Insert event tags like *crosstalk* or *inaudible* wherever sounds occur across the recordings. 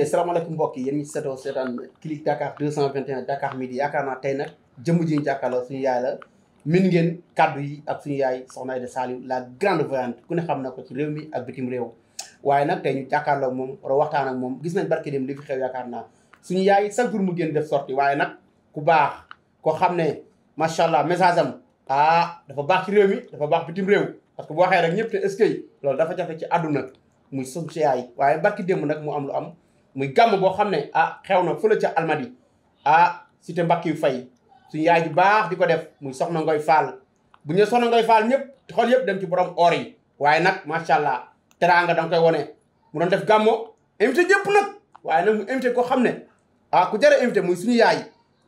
ok salaamaaleykum mbokk yi yéen ñi seetoo seetaan Click Dakar 221 Dakar Midi yaakaar naa tey nag jëmm ji ñu jàkkaarloo suñu yaay la min ngeen kàddu yi ak suñu yaay soxna Aida Saliou la grande voyante ku ne xam na ko ci réew mi ak bitim réew waaye nag tey ñu jàkkaarloo moom war waxtaan ak moom gis nañ barke dem li fi xew yaakaar naa suñu yaay chaque jour mu génn def sorti waaye nag ku baax ko xam ne macha allah message am ah dafa baax ci réew mi dafa baax bitim réew parce que boo waxee rek ñëpp te est-ce loolu dafa jafe ci àdduna muy suñu yaay waaye barki démb nag mu am lu am muy gàmm boo xam ne ah xew na fële ca almadi ah cité mbakkiyu fay suñu yaay ju baax di ko def muy soxna ngoy faal bu ñu soxna ngoy faal ñëpp xool yëpp dem ci borom or yi waaye nag macha allah teraanga da nga koy wone mu doon def gàmmo invité ñëpp nag waaye nag mu invité ko xam ne ah ku jëre invité muy suñu yaay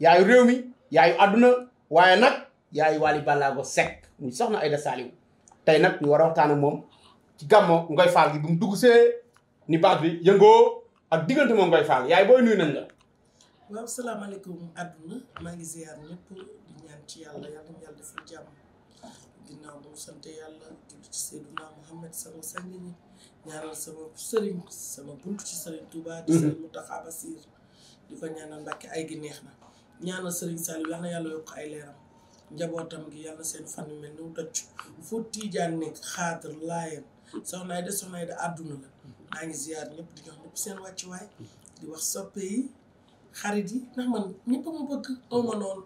yaayu réew mi yaayu àdduna waaye nag yaayu Wally Ballago Seck muy soxna Aïda Saliou tey nag ñu war a waxtaan moom ci gàmmo ngoy faal gi mu dugg see ni baat ak diggante moom Ngoye Fall yaay booy nuyu nañ la. waaw salaamaaleykum àdduna maa ngi ziar ñëpp di ñaan ci yàlla yàlla ñu defal jàmm ginnaaw mu sant yàlla julli ci Seydina Muhammad sama sang ñi ñaanal sama sëriñ sama bunt ci sëriñ Touba. di sëriñ Mountakha Bassirou di ko ñaanal Mbàkke ay gi neex na ñaanal sëriñ Saliou yal na yàlla yokk ay leeram njabootam gi yàlla seen fan yu mel ni mu toj foo tiijaan nekk xaatir laayam soxnaay de soxnaay de àdduna la. maa ngi ziar ñëpp di jox ñëpp seen wàccuwaay di wax soppe yi xarit yi ndax man ñëpp ma bëgg oo ma noonu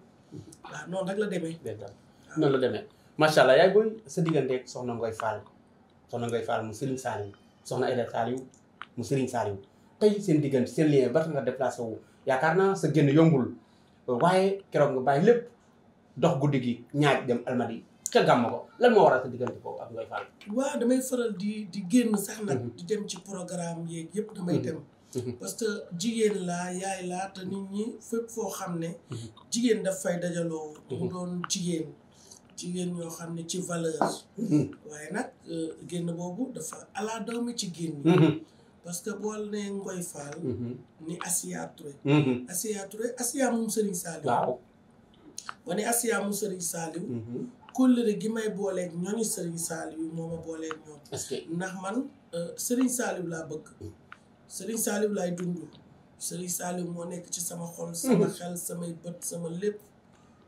noonu rek la demee. noonu la demee macha allah yaay booy sa digganteeg soxna Ngoy Fall soxna Ngoy Fall mu Serigne Saliou soxna Aïda Saliou mu Serigne Saliou tey seen diggante seen lien ba tax nga déplacé yaakaar naa sa génn yombul waaye keroog nga bàyyi lépp dox guddi gi ñaaj dem almadi ca gàmm ko lan moo waral sa damay faral di di génn sax nag. Mhm. di dem ci programme yeeg yëpp damay mhm. dem. Mhm. parce que jigéen laa yaay laa te nit ñi fépp foo xam ne. jigéen daf fay dajaloo. mu doon jigéen. jigéen ñoo xam ne ci valeur. waaye nag euh, génn boobu dafa ala doomi ci génn. parce que bool ne Ngoye Fall. ni Asiya Touré. Asiya Touré Asiya moom Serigne waaw ba ne Asiya moom Serigne kóllëre gi may booleeg ñooñu Serigne Saliou moo ma booleeg ñoom. ndax man euh, Serigne Saliou laa bëgg. Serigne Saliou laay dund. Serigne Saliou moo nekk ci sama xol. sama samay bët sama lépp.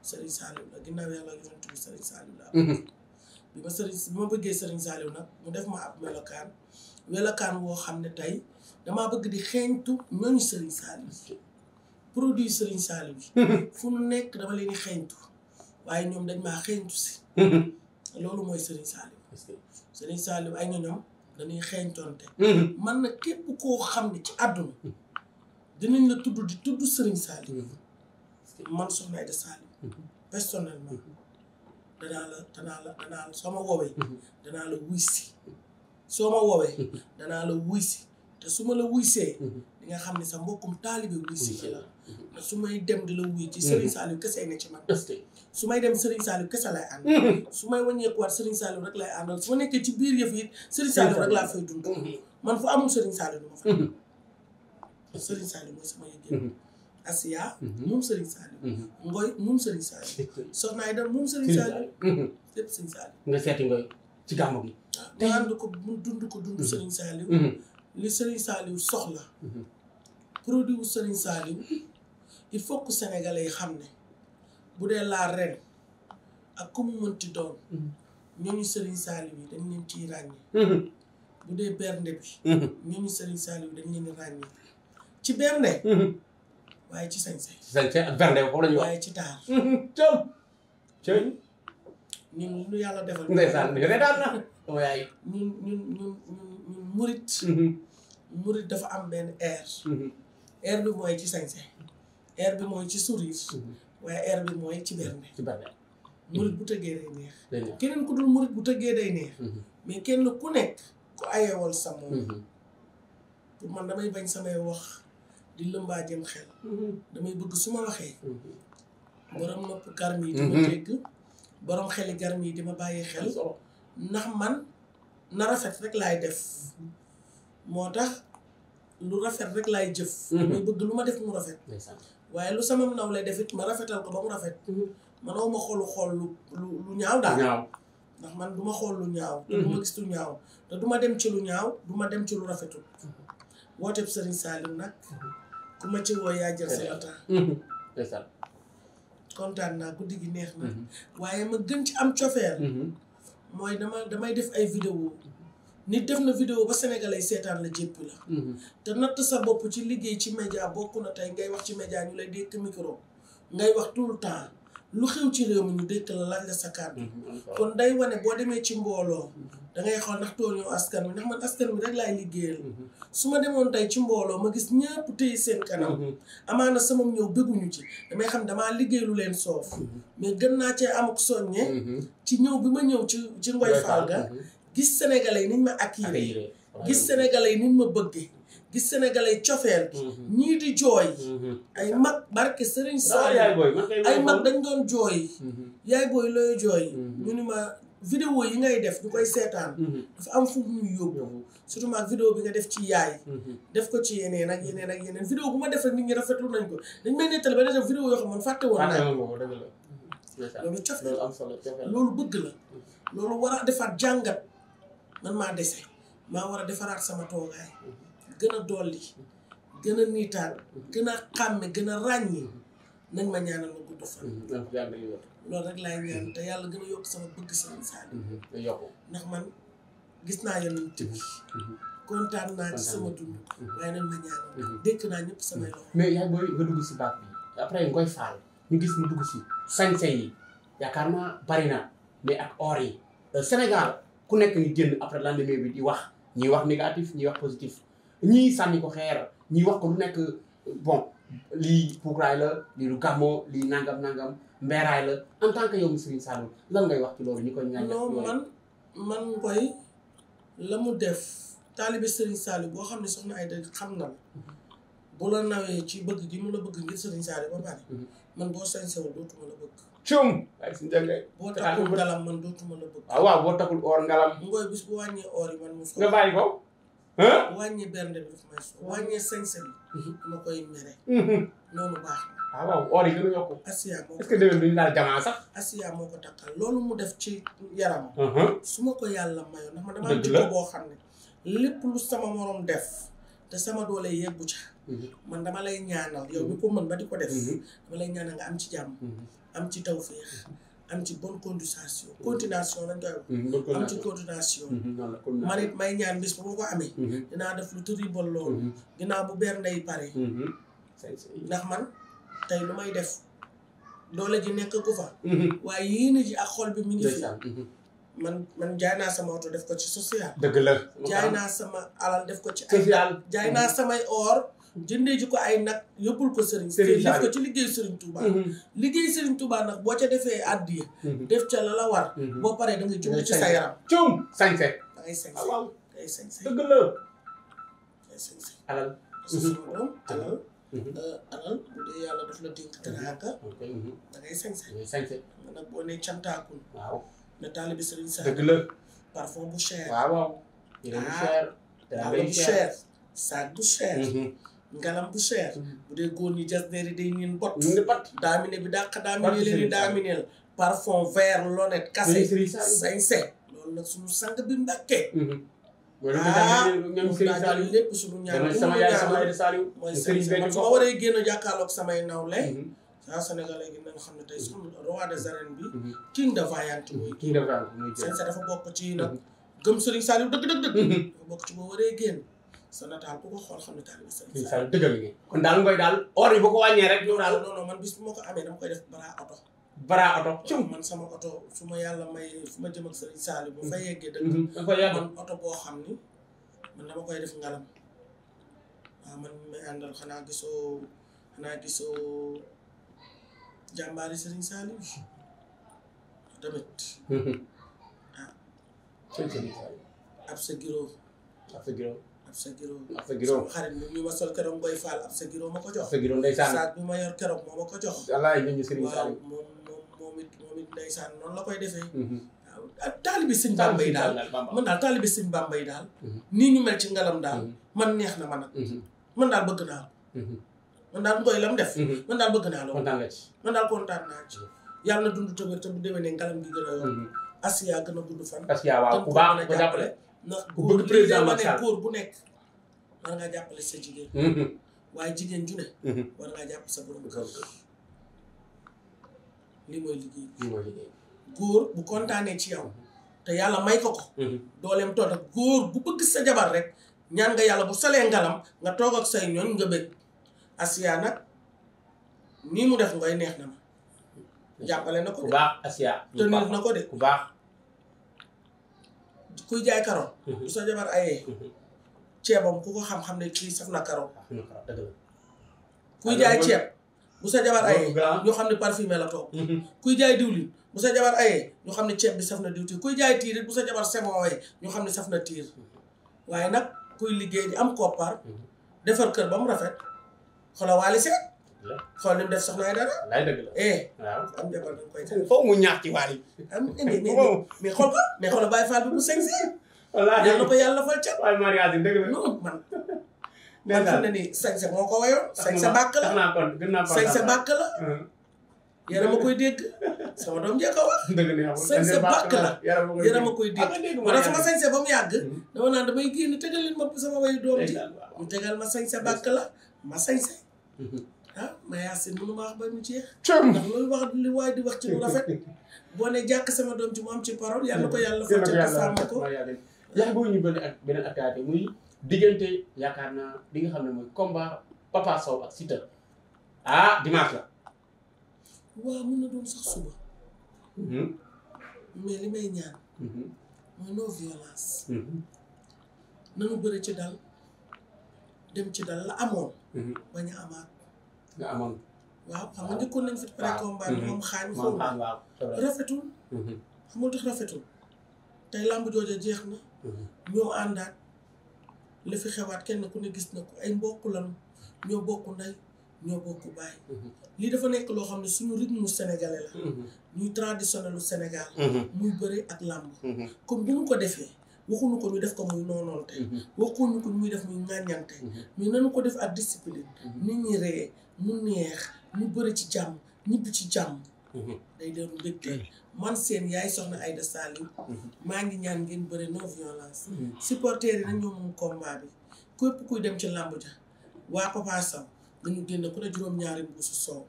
Serigne Saliou la ginnaaw yàlla yonent bi Serigne Saliou laa bëgg. Mhm. bi ma bi nag mu def ma ab melokaan. melokaan woo xam ne tey damaa bëgg di xeeñtu ñooñu Serigne Saliou. produit Serigne Saliou. Mhm. fu mu nekk dama leen xeeñtu. waaye ñoom dañ maa xeeñtu si *laughs* loolu mooy Serigne Saliou Serigne Saliou ay ñoñom dañuy xeeñtoonte mm-hmm. man na képp koo xam ne ci àdduna dinañ la tudd di tudd Serigne Saliou mm-hmm. man Soxna Aïda Saliou mm-hmm. personnellement danaa la danaa la danaa la soo ma woowee danaa la wuy si soo ma woowee danaa la wuy si te su ma la wuysee di nga xam ne sa mbokkum taalibe wuy si ci la su may dem di la wuy ci Serigne mm-hmm. Saliou kese ne ci man su may dem Serigne Saliou kese lay ànd mm-hmm. su may wàññeeku waat Serigne Saliou rek lay àndal su ma nekkee ci biir yëf yi Serigne Saliou mm-hmm. sama yëg Asiya moom Serigne Saliou Ngoy moom Serigne Saliou Soxna Aïda moom Serigne Saliou lépp Serigne Saliou nga seeti Ngoy ci gàmmu gi waaw ànd ko dund ko dund Serigne Saliou li Serigne Saliou soxla produit wu Serigne il faut que sénégalais yi xam ne bu dee laa ren ak ku mu mënti doon mm-hmm. ñooñu Serigne Saliou yi dañ leen ciy ràññee mm-hmm. bu dee bernde bi mm-hmm. ñooñu Serigne Saliou yi dañ leen ràññee ci bernde waaye ci sañse sañse ak bernde foofu la ñuy wax waaye ci taar cam cam ñun lu yàlla defal ndeysaan yore daal na sama murit murit dafa am benn air air bi mooy ci sañse air bi mooy ci sourire. Mhm. waaye air bi mooy ci berne. ci berne. murit mhm. bu tëggee day neex. keneen ku dul murit bu tëggee day neex. Mhm. mais kenn ku nekk ku ayewal sa moom. pour man damay bañ samay wax di lëmbaajem xel. bëgg su ma waxee. borom nopp garmi yi xeli garmi yi di ma bàyyi xel. ndax man na rafet rek laay def. moo tax lu rafet rek laay jëf. damay bëgg lu ma def mu rafet. waaye lu sama def defit ma rafetal ko ba mu rafet manoo mm-hmm. ma xoolu xool lu lu lu ñaaw daal ndax man du ma xool lu ñaaw te mm-hmm. du gis lu ñaaw te du ma dem ci lu ñaaw du ma dem ci lu rafetul mm-hmm. wooteb Serigne Saliou nag ku ma ci woo yaa jël sa yotaa kontaan naa guddi gi neex na waaye ma gën ci am cofeel mooy dama damay def ay vidéo nit def na vidéo ba sénégalais seetaan la jéppi la mhm. te natt sa bopp ci liggéey ci média bokk na tey ngay wax ci média ñu lay dékk micro ngay wax tout le temps lu xew ci réew mi ñu dékk la laaj mhm, kon day wane boo demee ci mbooloo dangay xool tool ñoo askan wi ndax man askan wi rek laay liggéeyal mhm. su ma demoon tey ci mbooloo ma gis ñëpp téye seen kanam amaana sama ñëw bëgguñu ci damay xam damaa liggéey lu leen soof mais gën naa cee am ak soññe ci ñëw bi ma ñëw ci ci Ngoye ga gis sénégalais yi niñ ma accueillir gis sénégalais yi niñ ma bëggee gis sénégalais cofeel bi mm-hmm. ñii di jooy mm-hmm. ay mag barke sëriñ Saali ay mag dañ doon jooy mm-hmm. yaay booy looy jooy ñu ni ma vidéo yi ngay def ñu koy seetaan dafa am fu ñuy yóbbu surtout maag vidéo bi nga def ci yaay def ko ci yeneen ak yeneen ak yeneen vidéo bu ma def rek nit ñi rafetlu nañ ko dañ may nettali ba def vidéo yoo xam ne fàtte woon naa loolu cof loolu bëgg la loolu war a defaat jàngat man maa dese maa war a defaraat sama toogaay gën a dolli gën a niitaal gën a xàmme gën a ràññi nañ ma ñaanal a gudd fan. Mm-hmm. loolu rek laay ñaan mm-hmm. te yàlla gën a yokk sama bëgg seen saali. Mm-hmm. ndax man gis naa yeneen tëb yi. kontaan naa ci sama dund. waaye nañ ma ñaanal. dékk naa ñëpp samay loxo. mais yaa booy nga dugg si baat bi après ngoy faal ñu gis mu dugg si sañse yi yaakaar naa bari na mais ak or yi euh, Sénégal. ku nekk ngi génn après lendemain bi di wax ñiy wax négatif ñiy wax positif ñii sànni ko xeer ñiy wax ko lu nekk bon lii puukraay la lii lu gàmmoo lii nangam nangam mbeeraay la en tant que yow Serigne Saliou lan ngay wax ci loolu ñu koy. ñaan loolu man man ngoy la mu def taalibe Serigne Saliou boo xam ne soxna Aïda xam na bu la nawee ci bëgg gi mu la bëgg ngir Serigne Saliou ba pare. Mhm. man boo sañsewul dootuma la bëgg. cum ay si njëkk boo takkul ngalam man dootuma la bëgg waaw ah, waaw boo takkul or ngalam ngooy bis bu wàññee or yi man mu nga bàyyi ko wàññee bernde bi daf mhm. mhm. na ah, a yokku Asia moo est-ce ko loolu mu def ci yaramam mhm. su ma yàlla mayoon ndax ma damaa jikko boo xam ne lépp lu sama morom def te sama doole yeggu ca man dama lay ñaanal yow ñu ko mën ba di ko def dama lay ñaanal nga am ci jàmm am ci tawféex am ci bonne continuation mm-hmm. continuation lañ koy wax mm-hmm. am ci mm-hmm. continuation man it may ñaan bis bu ma ko amee dinaa def lu turi bon loolu ginnaaw bu beer ndey pare ndax man tey lu may def doole ji nekk ku fa waaye yéene ji ak xol bi mi ngi fi man man jaay naa sama oto def ko ci social dëgg la jaay naa sama alal def ko ci ay jaay naa samay or jëndee ji ko ay nag yóbbul ko Serigne. Serigne def ko ci liggéey Serigne Touba. Mhm. liggéey Serigne Touba nag boo ca defee addiya. Mhm. def ca la la war. Mhm. boo paree da nga jóg ci sa yaram. cum sañse. da ngay sañse waaw da ngay sañse. dëgg la. da ngay sañse. alal. alal. Euh, alal bu dee yàlla daf la dénk teraanga. da ngay sañse. da ngay sañse. nag boo nee cantaakul. waaw ne taalibi Serigne Sall. dëgg la. parfum bu cher. waaw waaw. yére bu ah, cher. dara bu cher. saag bu cher. ngalam bu cher. Mm-hmm. bu dee góor ñi jasneeri day niin bot. ñu ngi bot daamine bi dàq daamine leen daamineel parfum vert lonet kase sañse loolu nag suñu sang bi mbàkkee. Mm-hmm. ah mu ñaar mooy su ma waree génn jàkkaarloog samay nawle. ah mm-hmm. Sénégal léegi nañ xam ne tey suñu roi des arènes bi. king de vaillante mooy. king de vaillante mooy sañse dafa bokk ci nag gëm Serigne Saliou dëgg dëgg waree génn. sa nataal ku ko xool xam ne taal bi Serigne Sall dëggal gi kon daal ngoy daal or ma ko ma yàlla may ma jëm ak mhm. mhm. def ngalam ah, mhm. ah. ab sa giroo ab sa giroo ab sa giróo ab sa giróo sama xarit moom mi ma sol keroog ngoy faal ab sa giróo ma ko jox ab sa giróo ndeysaan saag bi ma yor keroog moo ma ko jox wallaay ñu ñu sëriñ Sall moom moom moom it moom it ndeysaan noonu la koy defee mhm. waaw taalibi sëñ Bamba yi daal man daal taalibi sëñ Bamba yi daal nii ñu mel ci ngalam daal mhm. man neex na ma nag mhm. man daal bëgg naa man daal ngoy lam def man daal bëgg naa loolu kontaan nga ci man daal kontaan naa ci yàlla na dund tëbër te bu demee ne ngalam gi gën a yor Asia gën a gudd fan Asia waaw ku baax ko jàppale ndax góor président Macky bu nekk war ngaa jàppale sa jigéen mhm. waaye jigéen ju ne mhm. war ngaa jàpp sa borom kër li mooy liggéey li góor bu kontaanee ci yow mhm. te yàlla may ko ko dooleem toog ak bu bëgg sa jabar rek ñaan nga yàlla bu salee nga toog ak say ñoñ nga bëgg Asia nag nii mu def ngoy neex na ma jàppale na ko de ku baax Asia na ko de baax kuy jaay karoot mhm. bu sa jabar ayee mhm. ceebam ku ko xam-xam ne kii saf na karoot ah, kuy jaay ceeb bu sa jabar ayee ñu xam ne parfumé la toog mhm. kuy jaay diwlin bu sa jabar ayee ñu xam ne ceeb bi saf na diwtiir kuy jaay tiir bu sa jabar sebooyee ñoo xam ne saf na tiir waaye nag kuy liggéey di am koppar defar kër ba mu rafet xoolal waali xool ni mu def soxna dara. laay dëgg la eh. waaw am jabar da koy def. foofu mu ñaax ci waal yi. am eh, indi mais xool ko mais xool Baye Fall bi mu sëñ si. wallaahi ko yàlla fal ca. waaye sa moo ko wayoon. sañ sa bàkk la sañ sa bàkk la. Uh-huh. yaram a koy dégg sama doom jee ko wax. *laughs* dëgg la sañ sa bàkk la yaram a koy dégg. Ah, yàgg. Uh-huh. dama naan damay génn tegal leen ma sama wayu doom ji mu tegal ma sañ sa bàkk la ma sañ uh-huh. ah Maya Sène mënu ma wax ba mu jeex. cëm ndax loolu wax li waay di wax ci lu rafet. boo ne jàkk sama doom ci mu am ci parole yàlla ko yàlla fa ca sàmm ko. yaa ngi ñu benn ak beneen actualité muy diggante yaakaar naa li nga xam ne mooy combat Papa Sow ak Siteu ah dimanche la. waaw mun na doon sax suba. mais li may ñaan. mooy non violence. na mu bëri ci dal dem ci dal la amoon. bañ a amaat. nga waaw xam nga nekkoon nañ fi pré-combat bi mhm. moom xaañ foofu ah, rafetul mhm. xamul tax tey làmb jooja jeex na mhm. ñoo àndaat li fi xewaat kenn ku ne gis na ko ay mbokk lanu ñoo bokk ndey ñoo bokk baay lii dafa nekk loo xam ne suñu rythme sénégalais la ñuy traditionnelu Sénégal muy bëri ak làmb comme bu ñu ko defee waxuñu ko ñu def ko muy noonoonte waxuñu ko ñu muy def muy ŋàññante mais nanu ko def ak discipline nit ñi reyee mu neex mu bëri ci jàmm ñibbi ci jàmm mhm. day doon mbégte man seen yaay soxna Aïda Saliou mhm. maa ngi ñaan ngeen bëri non violence mhm. supporters yi nañoo moom combat bi képp kuy dem ci làmb ja waa Papa Sow nañu génn ku ne juróom-ñaari mbuusu soow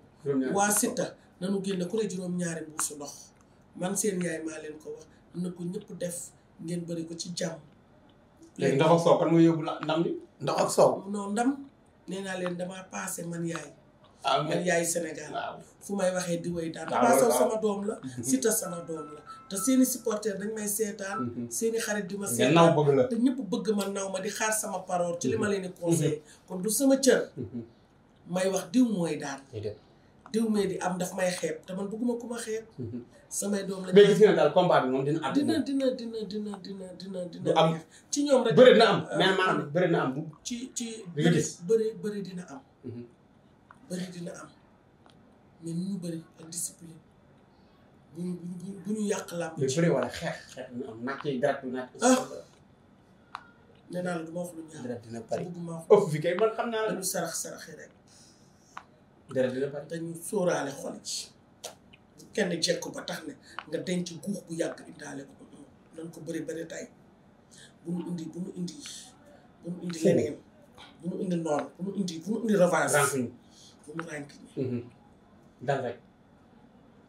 waa Sita nañu génn ku ne juróom-ñaari mbuusu ndox man seen yaay maa leen ko wax na ko ñëpp def ngeen bëri ko ci jàmm léegi ndox ak soow kan nga la ndam li ndox ak soow non ndam nee naa leen damaa paase man yaay man yaay Sénégal fu may waxee di way daan Papa Sow sama doom la mhm. Siteu sama doom la te seeni supporter dañ may seetaan mhm. seeni xarit di ma seetaan te ñëpp bëgg ma naw ma di xaar sama parole ci li ma mhm. leen di conseil kon du sama cër may wax diw mooy daan diw mee di am daf may xeeb te man bëgguma ku ma xeeb samay doom la mais gis nga daal combat bi moom dina am dina dina dina dina dina dina dina am ci ñoom rek bëri na am mais maanaam euh, bëri na am ci ci bëri bëri dina am bëri dina am mais nu ñu bëri ak discipline bu ñu bu ñu yàq làmb. lu bëri xeex xeex dina am naaj ah! naa la du ma wax lu ñaaw. dara dina bari wax ëpp naa la. dañu sarax sarax rek. dara dina bari dañu kenn jekk ba tax ne nga denc guux bu yàgg indaale ko nan ko bëri bëri tay bu mu indi bu mu indi bu mu bu mu indi noonu bu mu indi bu mu indi revanche bu mu ànki mhm. dal rek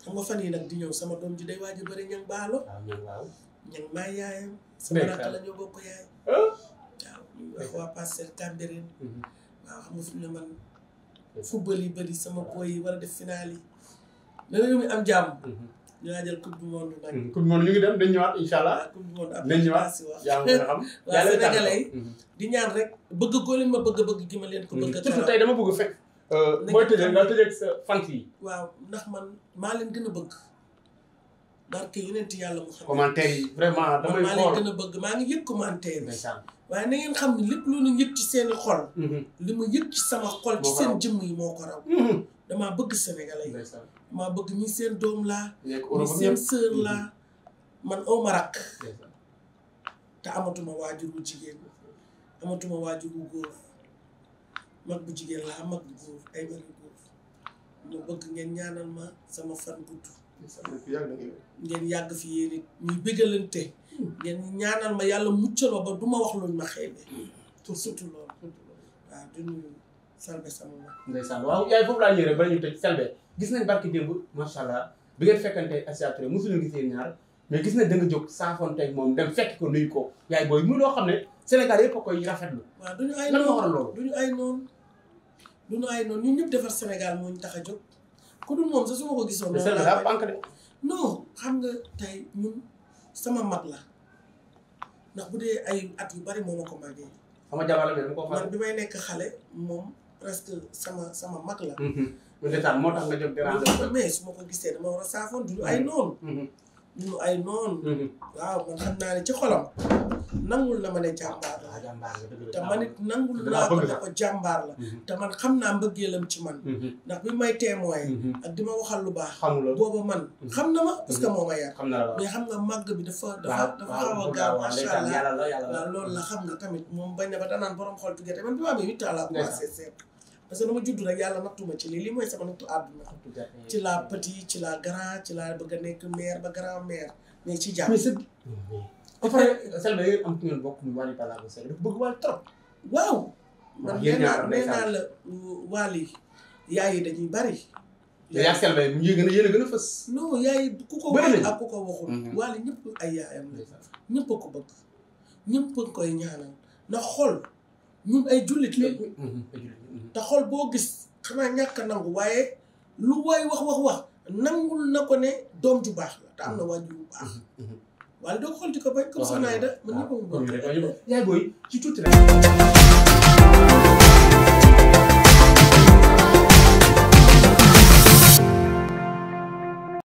xam nga fan yi nag di ñëw sama doom ji day waaj a bëri ñang baalo ah, waaw ñang maa yaayam sama rakk la bokk yaay ah. waaw ñu mhm. fi ne man football yi bëri sama boy yi war a def finale yi na réew mi am jàmm mhm. ñu laa jël coupe du monde nag. ñu ngi dem dañ ñëwaat incha allah. coupe du monde après dañ ñëwaat yaa ngi xam. *laughs* waaw sénégalais di ñaan rek bëgg góor ma bëgg bëgg gi ma leen ko bëgg a. surtout tey dama bëgg fekk. Euh, mooy tëjee yi. waaw ndax man maa leen gën a bëgg. barke yonent yàlla mu xam. commentaire yi vraiment damay maa leen gën bëgg maa ngi yëg commentaire yi. waaye na ngeen xam ne lépp loolu ñu yëg ci seen xol. Mhm. li mu yëg ci sama xol ci seen jëmm yi moo ko raw. Mhm. damaa bëgg Sénégalais yi. damaa bëgg ñi seen doom laa. ñi seen sœur laa. Mhm. man aw rakk. te amatuma waajur wu jigéen amatuma waajur wu góor. mag bu jigéen laa mag bu góor ay mag yu bëgg ngeen ñaanal ma sama fan gudd ngeen yàgg fi yéen ñu ñuy ngeen ñaanal ma yàlla muccal ma ba du ma wax luñ ma xeebe surtout loolu waaw di nuyu Selbé sama mag ndeysaan waaw yaay foofu laa ñëw rek gis nañ barki démb macha allah bi ngeen fekkante Asia Touré mosuñu gisee ñaar mais gis na da nga jóg saafoonte ak moom dem fekk ko nuyu ko yaay booy mu loo xam ne Sénégal yëpp a koy rafetlu waaw duñu ay noonu ay noonu du naay noonu ñun ñëpp defar Sénégal moo ñu tax a jóg ku dul moom sax su ma ko gisoon. non xam nga tey sama mag la ndax bu dee ay at yu bari moo ma ko màggee. sama jabar la ko man bi may nekk xale moom presque sama sama mag la. lu mhm. tax moo tax nga jóg déranger. su ma ko gisee dama war a saafoon du ñu mhm. ay noonu. du ñu ay noonu. waaw man xam naa ne ci xolam. nangul na ma ne jàmbaar la ah, te ma it nangul naa ko ne ko jàmbaar la mhm. te man xam naa mbëggeelam ci man mhm. ndax bi may témoin mhm. ak di ma waxal lu baax booba man xam na ma parce que moo ma yar mais xam nga màgg bi dafa dafa dafa a gaaw macha allah la xam nga tamit moom bañ ne ba danaan borom xool bi gerte man bi ma amee huit ans laa commencé seet parce que dama judd rek yàlla nattuma ci lii lii mooy sama nattu àdduna ci la petit ci la grand ci la bëgg a nekk mère ba grand mère mais ci jàmm ba pare Selbe yéen am ku ngeen bokk ñu Wally Ballago Seck dafa bëgg Wally trop. waaw. ndax yéen ñaar nee naa la Wally yaay yi dañuy bari. te yaa Selbe gën a yéen a gën a fës. non yaay yi ku ko wax ak ku ko waxul. Mhm. Wally ñëpp ay yaayam la. a ko bëgg ñëpp a koy ñaanal na xol ñun ay jullit la. Mhm, mhm. te xol boo gis xanaa ñàkk a nangu waaye lu waay wax wax wax nangul na ko ne doom ju baax la te am na waajur bu baax. wala doo ko xool di ko bañ. comme soxna Aida man ñëpp a yaay booy ci tuuti rek.